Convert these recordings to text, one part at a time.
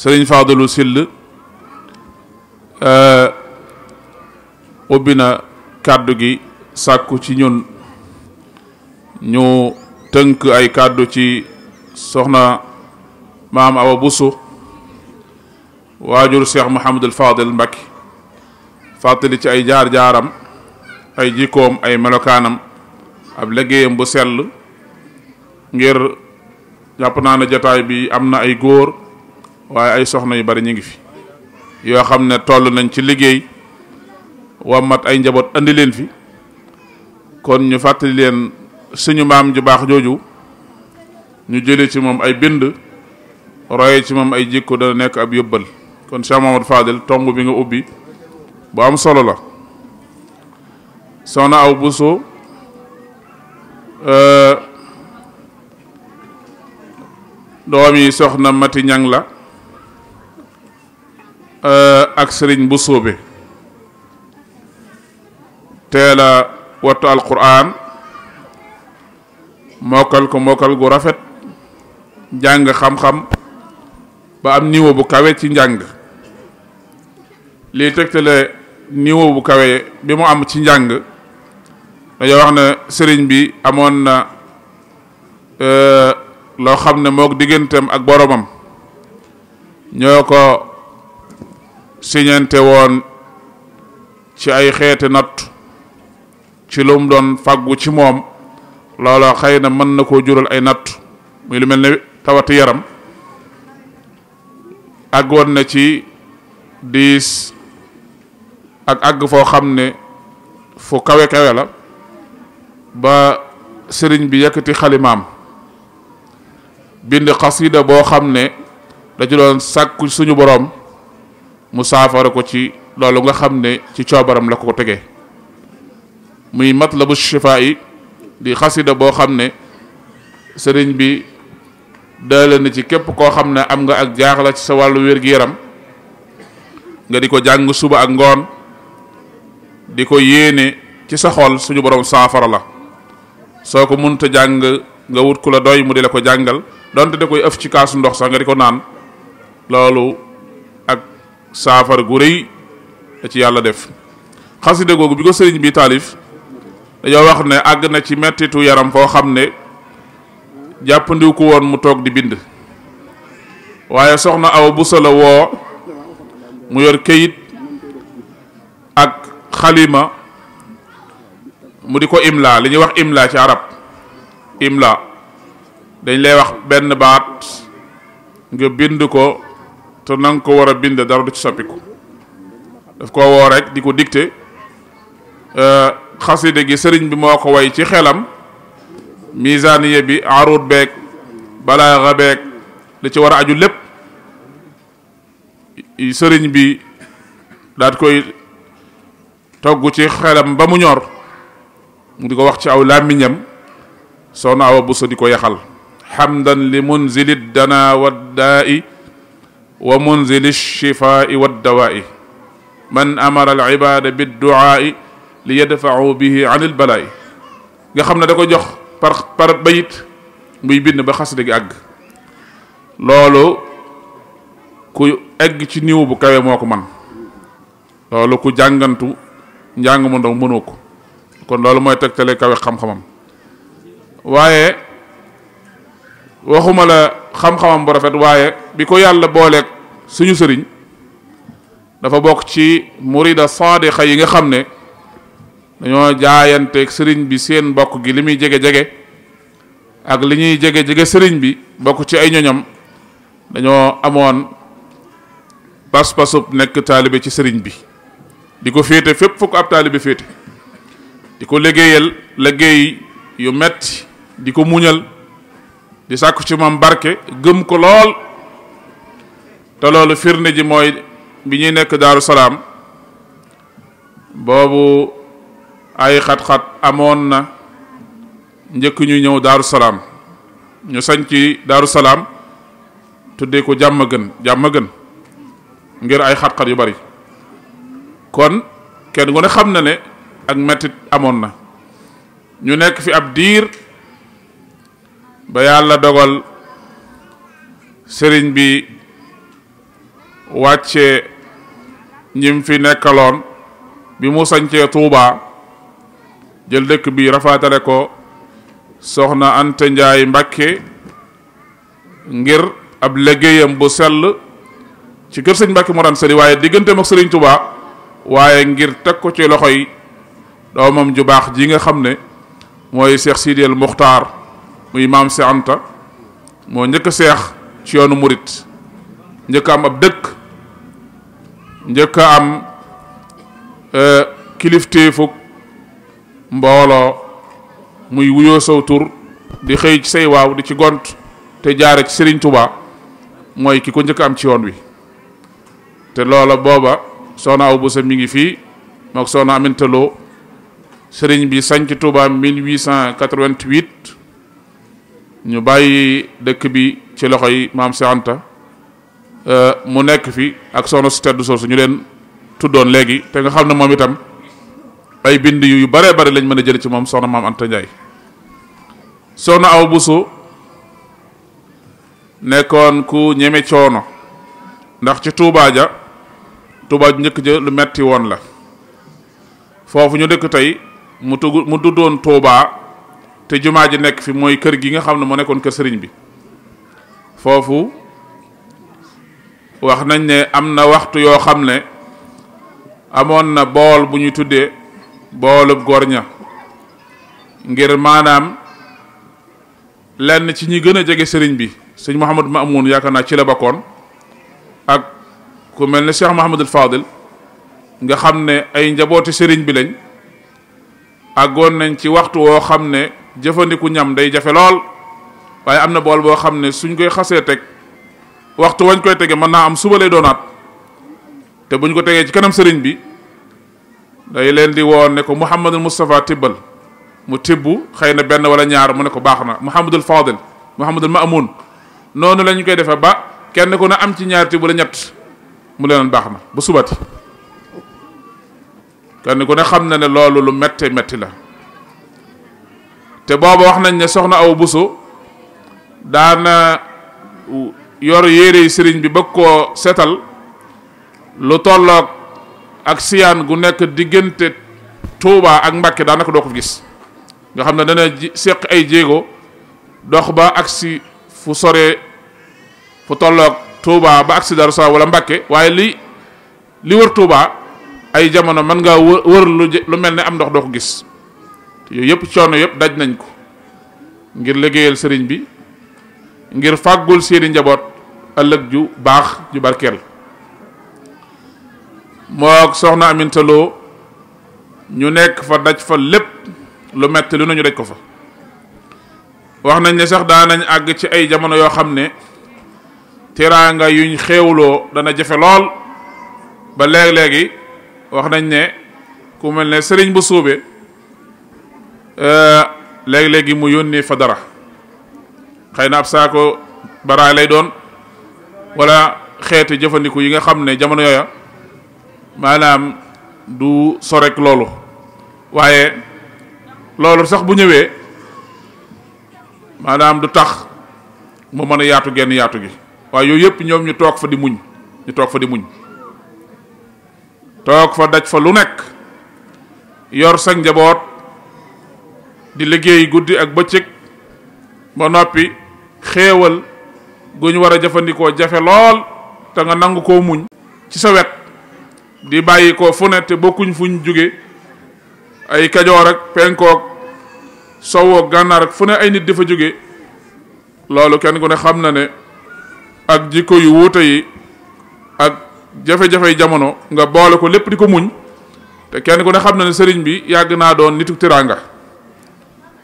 sëriñ Fadilou sil euh, ubbi na kàddu gi sakku ci ñun ñu tënk ay kàddu ci soxna maam Awa Bousso waajur Cheikh Mouhamadul Fadil Mbacké fàttali ci ay jaar-jaaram ay jikkoom ay melokaanam ab liggéeyam bu sell ngir jàpp naa ne jataay bi am na ay góor waaye ay soxna yu bari ñu ngi fi yoo xam ne toll nañ ci liggéey wammat ay njaboot andi leen fi kon ñu fàttali leen suñu maam ju baax jooju ñu jëlee ci moom ay bind roye ci moom ay jikko dana nekk ab yóbbal kon Cheikh Mamadou Fadel tomb bi nga ubbi bu am solo la soxna aw buso euh, doom yi soxna mati ñang la euh, ak sëriñ bu sóobe teel a wattu alquran mokkal ko mokkal gu rafet jàng xam-xam ba am niveau bu kawe ci njàng lii tegtale niveau bu kawe bi mu am ci njàng dañoo wax ne sëriñ bi amoon na euh, loo xam ne mook digganteem ak boromam ñoo ko siñante woon ci ay xeeti natt ci lum doon fàggu ci moom looloo xëy na mën na koo jural ay natt muy lu mel ne tawati yaram àggoon na ci diis ak àgg foo xam ne fu kawe kawe la ba serigne bi yëkkati xalimaam bind qasida bo xamne ne ci doon sakku suñu borom musafara ko ci loolu nga xamne ne ci coobaram la ko tege muy matlabu di qasida bo xamne ne bi daale na ci képp ko xamne ne am nga ak jaaxla ci sa walu yaram nga diko ko suba ak ngon di ko yéene ci sa xol suñu borom safara la soo ko mënta jàng nga wut ku la doy mu di la ko jàngal donte da koy ëf ci kaasu ndox sax nga di ko naan loolu ak saafara gu rëy da ci yàlla def xasida googu bi ko sëriñ bi taalif dañoo wax ne àgg na ci mettitu yaram foo xam ne jàppandiw ko woon mu toog di bind waaye soxna aw bu sa woo mu yor këyit ak xalima mu di ko imla li ñuy wax imla ci arab imla dañ lay wax benn baat nga bind ko te na ko war a bind dara du ci soppiku daf ko woo rek di ko dicté euh, xaside gi sëriñ bi moo ko way ci xelam misaaniye bi arut beeg balaaxa beeg li ci war aju lépp sëriñ bi daat koy togg ci xelam ba mu ñor mu di ko wax ci aw làmmiñam soxna awa busa di ko yaxal xamdan li munzili dana waddaa'i wa munzili shifaa'i waddawaa'i man amara al ibada bidduaa'i li yadfau bihi an il balaa'i nga xam ne da ko jox par par bayit muy bind ba xasida gi àgg loolu ku egg ci niw bu kawe moo ko man loolu ku jàngantu njàng mu ndaw mënoo ko kon loolu mooy tegtale kawe xam-xamam waaye waxuma la xam-xamam bu rafet waaye bi ko yàlla booleeg suñu sëriñ dafa bokk ci murida saadiqa yi nga xam ne dañoo jaayanteeg sëriñ bi seen bokk gi li muy jege-jege ak li ñuy jege-jege sëriñ bi bokk ci ay ñoñam dañoo amoon pas-pasub nekk taalibe ci sëriñ bi di ko féete fépp fu ko ab taalibe féete di ko liggéeyal liggéey yu metti di ko muñal di sàkku ci moom barke gëm ko lool te loolu firnde ji mooy bi ñuy nekk daaru salaam boobu ay xat-xat amoon na njëkk ñu ñëw daaru salaam ñu sañ ci daaru salaam tuddee ko jàmm gën jàmm gën ngir ay xat-xat yu bari kon kenn ku ne xam na ne ak metit amoon na ñu nekk fi ab diir ba yàlla dogal sëriñ bi wàcce ñim fi nekkaloon bi mu sañcee Tuuba jël dëkk bi rafaatale ko soxna Anta Njaay Mbàkke ngir ab liggéeyam bu sell ci kër sëñ Mbàkke moo daan waaye digganteem ak sëriñ Tuuba waaye ngir teg ko ci loxo yi doomam ju baax ji nga xam ne mooy seex Sidiyal Muxtaar muy maam si Anta moo njëkk a seex ci yoonu murit njëkk am ab dëkk njëkk a am e, kilifteefug mbooloo muy wuyoo saw tur di xëy ci say waaw di ci gont te jaare ci Serigne Touba mooy ki ko njëkk am ci yoon wi te loola booba soxna aw bu sa mi ngi fii mook soxna amintaloo sëriñ bi sanc Touba 1888 ñu bàyyi dëkk bi ci loxo yi maam Cheikh Anta euh, mu nekk fi ak soxna su tedd soosu ñu leen tuddoon léegi te nga xam ne moom itam ay bind yu bare bare lañ mën a jël ci moom soxna maam Anta Ndiaye soxna aw busu nekkoon ku ñeme coono ndax ci tuubaa ja Touba ju njëkk ja lu metti woon la foofu ñu dëkk tey mu tugg mu duddoon Touba te jumaa ji nekk fi mooy kër gi nga xam ne mu nekkoon kër sëriñ bi foofu wax nañ ne am na waxtu yoo xam ne amoon na bool bu ñu tuddee boolub ña ngir maanaam lenn ci ñi gën a jege sëriñ bi sëñ Mouhamadou Mamoun yaakaar naa ci la bakkoon ak ku mel ne Cheikh Mouhamadul Fadil nga xam ne ay njabooti sëriñ bi lañ àggoon nañ ci waxtu woo xam ne jëfandiku ñam day jafe lool waaye am na bool boo xam ne suñ koy xasee teg waxtu wañ koy tege mën naa am suba lay doonaat te buñ ko tegee ci kanam sëriñ bi day leen di woon ne ko Mouhamadul Moustapha tibbal mu tibbu xëy na benn wala ñaar mu ne ko baax na Mouhamadul Fadil Mouhamadul Maamoun noonu la ñu koy defee ba kenn ku ne am ci ñaar tibb la ñett mu leen baax na ba subati kenn ku ne xam na ne loolu lu metti metti la te booba wax nañ ne soxna aw buso daana yor yére sëriñ bi bëgg koo setal lu tolloog ak siyaan gu nekk diggante Tuuba ak Mbàkke daanaka doo ko gis nga xam ne dana seq ay jéego dox ba agsi fu sore fu tolloog Tuuba ba agsi Daaru Salaam wala Mbàkke waaye li li wër Tuuba ay jamono mën ngaa wër lu mel ne am ndox doo ko gis yooyu yëpp coono yëpp daj nañ ko ngir liggéeyal sëriñ bi ngir fàggul seeni njaboot ëllëg ju baax ju barkeel moo soxna Aminta ñu nekk fa daj fa lépp lu metti lu nañu daj ko fa wax nañ ne sax daanañ àgg ci ay jamono yoo xam ne teraanga yuñ xéewloo dana jafe lool ba léeg-léegi wax nañ ne ku mel ne sëriñ bu suube euh, léeg-léegi mu yónnee fa dara xëy na ab saako baraay lay doon wala xeeti jëfandiku yi nga xam ne jamono yooya maanaam du sorek loolu waaye loolu sax bu ñëwee maanaam du tax mu mën a yaatu genn yaatu gi waaye yooyu yëpp ñoom ñu toog fa di muñ ñu toog fa di muñ toog fa daj fa lu nekk yor sa njaboot di liggéey guddi ak bëccëg ba noppi xéewal gu ñu war a jëfandikoo jafe lool te nga nangu ko muñ ci sa wet di bàyyi ko fu ne te bokkuñ fuñ jóge ay kajoor ak penkook sowook gànnaar ak fu ne ay nit di jóge loolu kenn ku ne xam na ne ak jikko yu wuute yi ak jafe-jafey jamono nga boole ko lépp di ko muñ te kenn ku ne xam na ne sëriñ bi yàgg naa doon nitu tiraanga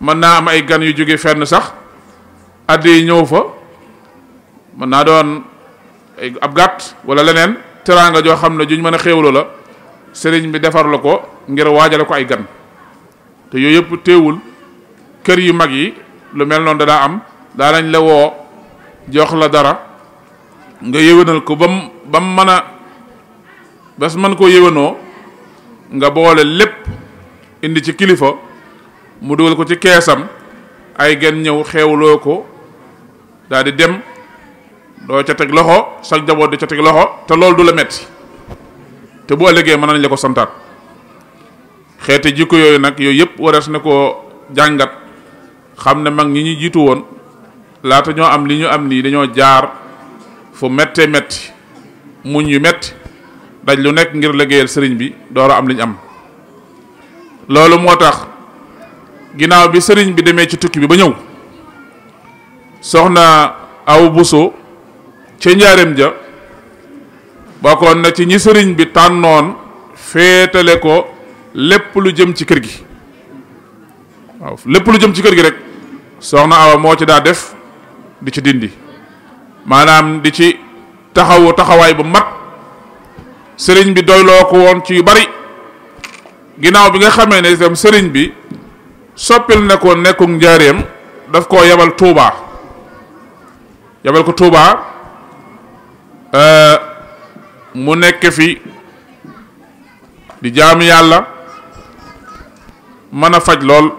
mën naa am ay gan yu jóge fenn sax addi yi ñëw fa mën naa doon ay ab gàtt wala leneen tiraanga joo xam ne juñ mën a xéewloo la sëriñ bi defar la ko ngir waajale ko ay gan te yooyu yëpp teewul kër yu mag yi lu mel noonu danaa am daa lañ la woo jox la dara nga yëwénal ko bam bam mën a bas man koo yéwénoo nga boole lépp indi ci kilifa mu dugal ko ci keesam ay gen ñëw xeewloo ko daal di dem doo ca teg loxo sa jaboot di ca teg loxo te loolu du la metti te bu ëllëgee mën nañ la ko santaat xeeti jikko yooyu nag yooyu yëpp warees na ko jàngat xam ne mag ñi ñu jiitu woon laata ñoo am li ñu am nii dañoo jaar fu méttee metti muñ yu métti daj lu nekk ngir liggéeyal sëriñ bi door a am liñ am loolu moo tax ginnaaw bi sëriñ bi demee ci tukki bi ba ñëw soxna aw buso ca ja bokkoon na ci ñi sëriñ bi tànnoon féetale ko lépp lu jëm ci kër gi waaw lépp lu jëm ci kër gi rek soxna awa moo ci daa def di ci dindi maanaam di ci taxawu taxawaay bu mat sëriñ bi doyloo ko woon ci yu bari ginnaaw bi nga xamee ne sëriñ bi soppil ne ko nekkuk njaareem daf koo yabal tuubaa yabal ko tuubaa euh, mu nekk fi di jaam yàlla mën a faj lool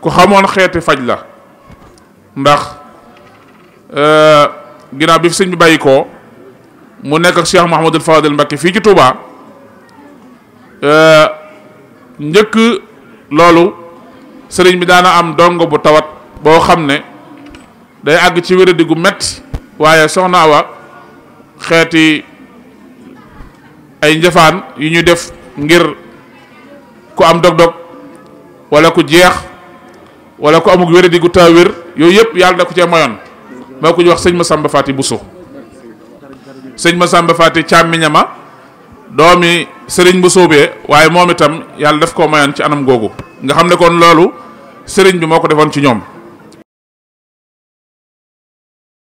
ku xamoon xeeti faj la ndax euh, ginnaaw bi fi sëñ bi bàyyi koo mu nekk ak cheikh mahamadul fadil mbakke fii ci Touba eh, njëkk loolu sëriñ bi daana am dongo bu tawat boo xam ne day àgg ci wéradi gu metti waaye soxna wa xeeti ay yu ñu def ngir ku am dog-dog wala ku jeex wala ku amug wéradi gu taa wér yooyu yëpp yàlla da ko cee mayoon moo ñu wax sëñ Masamba fati Buso sëñ Masamba Faati ma doomi sëriñ bu sóobee waaye moom itam yàlla def koo mayoon ci anam googu nga xam ne kon loolu sëriñ bi moo ko defoon ci ñoom